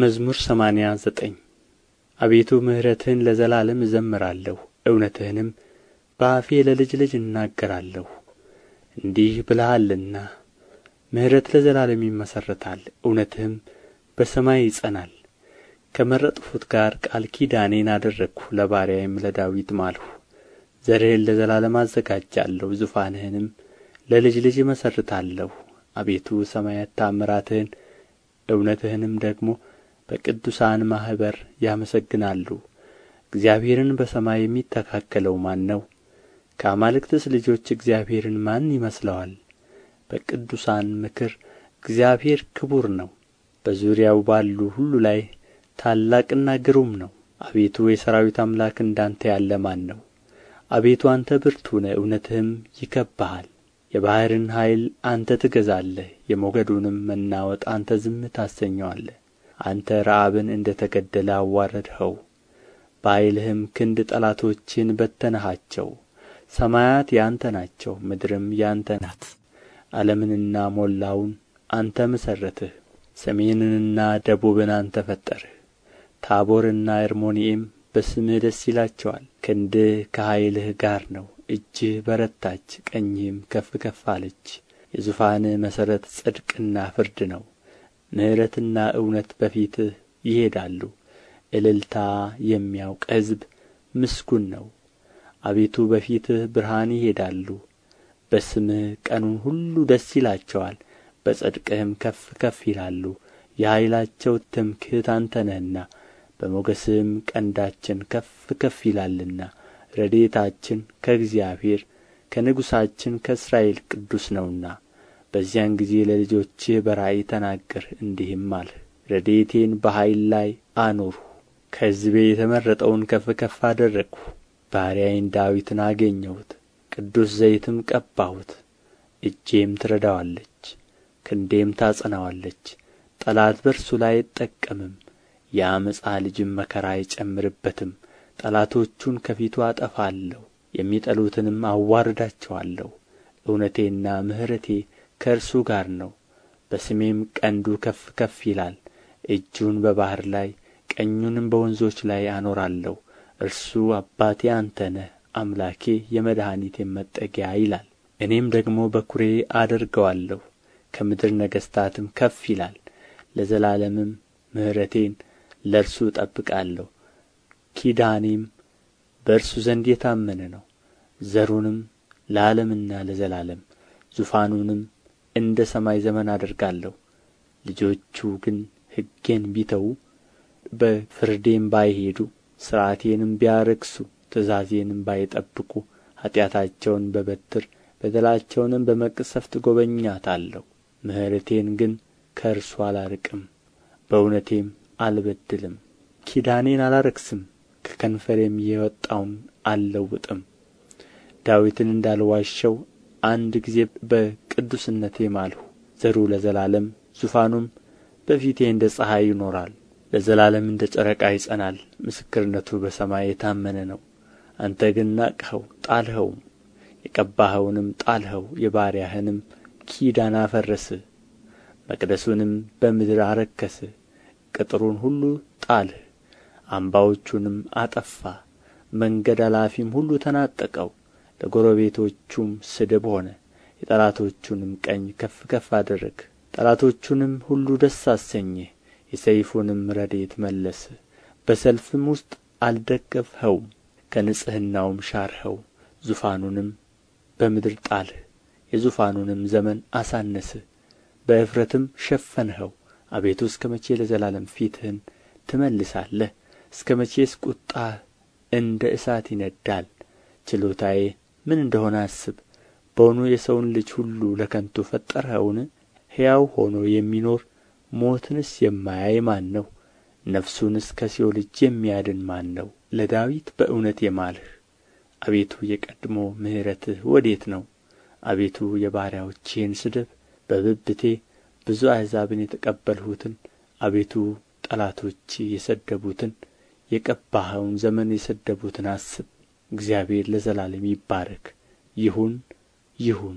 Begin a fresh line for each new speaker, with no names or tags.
መዝሙር ሰማንያ ዘጠኝ አቤቱ ምሕረትህን ለዘላለም እዘምራለሁ እውነትህንም በአፌ ለልጅ ልጅ እናገራለሁ እንዲህ ብለሃልና ምሕረት ለዘላለም ይመሠረታል እውነትህም በሰማይ ይጸናል ከመረጥሁት ጋር ቃል ኪዳኔን አደረግሁ ለባሪያዬም ለዳዊት ማልሁ ዘርህን ለዘላለም አዘጋጃለሁ ዙፋንህንም ለልጅ ልጅ እመሠርታለሁ አቤቱ ሰማያት ታምራትህን እውነትህንም ደግሞ በቅዱሳን ማኅበር ያመሰግናሉ እግዚአብሔርን በሰማይ የሚተካከለው ማን ነው ከአማልክትስ ልጆች እግዚአብሔርን ማን ይመስለዋል በቅዱሳን ምክር እግዚአብሔር ክቡር ነው በዙሪያው ባሉ ሁሉ ላይ ታላቅና ግሩም ነው አቤቱ የሠራዊት አምላክ እንዳንተ ያለ ማን ነው አቤቱ አንተ ብርቱ ነህ እውነትህም ይከብሃል። የባሕርን ኃይል አንተ ትገዛለህ የሞገዱንም መናወጥ አንተ ዝም ታሰኘዋለህ አንተ ረዓብን እንደ ተገደለ አዋረድኸው በኃይልህም ክንድ ጠላቶችህን በተንሃቸው ሰማያት የአንተ ናቸው ምድርም የአንተ ናት ዓለምንና ሞላውን አንተ መሠረትህ ሰሜንንና ደቡብን አንተ ፈጠርህ ታቦርና አርሞንዔም በስምህ ደስ ይላቸዋል ክንድህ ከኃይልህ ጋር ነው እጅህ በረታች ቀኝህም ከፍ ከፍ አለች የዙፋንህ መሠረት ጽድቅና ፍርድ ነው ምሕረትና እውነት በፊትህ ይሄዳሉ እልልታ የሚያውቅ ሕዝብ ምስጉን ነው አቤቱ በፊትህ ብርሃን ይሄዳሉ በስምህ ቀኑን ሁሉ ደስ ይላቸዋል በጽድቅህም ከፍ ከፍ ይላሉ የኃይላቸው ትምክሕት አንተ ነህና በሞገስህም ቀንዳችን ከፍ ከፍ ይላልና ረድኤታችን ከእግዚአብሔር ከንጉሣችን ከእስራኤል ቅዱስ ነውና በዚያን ጊዜ ለልጆችህ በራእይ ተናገርህ እንዲህም አልህ ረድኤቴን በኃይል ላይ አኖርሁ ከሕዝቤ የተመረጠውን ከፍ ከፍ አደረግሁ ባሪያዬን ዳዊትን አገኘሁት ቅዱስ ዘይትም ቀባሁት እጄም ትረዳዋለች ክንዴም ታጸናዋለች ጠላት በእርሱ ላይ አይጠቀምም የዓመፃ ልጅም መከራ አይጨምርበትም ጠላቶቹን ከፊቱ አጠፋለሁ የሚጠሉትንም አዋርዳቸዋለሁ እውነቴና ምሕረቴ ከእርሱ ጋር ነው በስሜም ቀንዱ ከፍ ከፍ ይላል እጁን በባሕር ላይ ቀኙንም በወንዞች ላይ አኖራለሁ እርሱ አባቴ አንተ ነህ አምላኬ የመድኃኒቴ መጠጊያ ይላል እኔም ደግሞ በኵሬ አደርገዋለሁ ከምድር ነገሥታትም ከፍ ይላል ለዘላለምም ምሕረቴን ለእርሱ እጠብቃለሁ ኪዳኔም በእርሱ ዘንድ የታመነ ነው ዘሩንም ለዓለምና ለዘላለም ዙፋኑንም እንደ ሰማይ ዘመን አደርጋለሁ ልጆቹ ግን ሕጌን ቢተዉ በፍርዴም ባይሄዱ ሥርዓቴንም ቢያረክሱ ትእዛዜንም ባይጠብቁ ኃጢአታቸውን በበትር በደላቸውንም በመቅሠፍት እጐበኛታለሁ ምሕረቴን ግን ከእርሱ አላርቅም በእውነቴም አልበድልም ኪዳኔን አላረክስም ከከንፈሬም የወጣውን አልለውጥም ዳዊትን እንዳልዋሸው አንድ ጊዜ ቅዱስነቴ ማልሁ ዘሩ ለዘላለም ዙፋኑም በፊቴ እንደ ፀሐይ ይኖራል ለዘላለም እንደ ጨረቃ ይጸናል ምስክርነቱ በሰማይ የታመነ ነው አንተ ግን ናቅኸው ጣልኸውም የቀባኸውንም ጣልኸው የባሪያህንም ኪዳን አፈረስህ መቅደሱንም በምድር አረከስህ ቅጥሩን ሁሉ ጣልህ አምባዎቹንም አጠፋ መንገድ አላፊም ሁሉ ተናጠቀው ለጎረቤቶቹም ስድብ ሆነ የጠላቶቹንም ቀኝ ከፍ ከፍ አደረግህ ጠላቶቹንም ሁሉ ደስ አሰኘህ የሰይፉንም ረድኤት መለስህ በሰልፍም ውስጥ አልደገፍኸውም ከንጽሕናውም ሻርኸው ዙፋኑንም በምድር ጣልህ የዙፋኑንም ዘመን አሳነስህ በእፍረትም ሸፈንኸው አቤቱ እስከ መቼ ለዘላለም ፊትህን ትመልሳለህ እስከ መቼስ ቍጣህ እንደ እሳት ይነዳል ችሎታዬ ምን እንደሆነ አስብ በውኑ የሰውን ልጅ ሁሉ ለከንቱ ፈጠርኸውን ሕያው ሆኖ የሚኖር ሞትንስ የማያይ ማን ነው ነፍሱንስ ከሲኦል እጅ የሚያድን ማን ነው ለዳዊት በእውነት የማልህ አቤቱ የቀድሞ ምሕረትህ ወዴት ነው አቤቱ የባሪያዎችህን ስድብ በብብቴ ብዙ አሕዛብን የተቀበልሁትን አቤቱ ጠላቶች የሰደቡትን የቀባኸውን ዘመን የሰደቡትን አስብ እግዚአብሔር ለዘላለም ይባረክ ይሁን ይሁን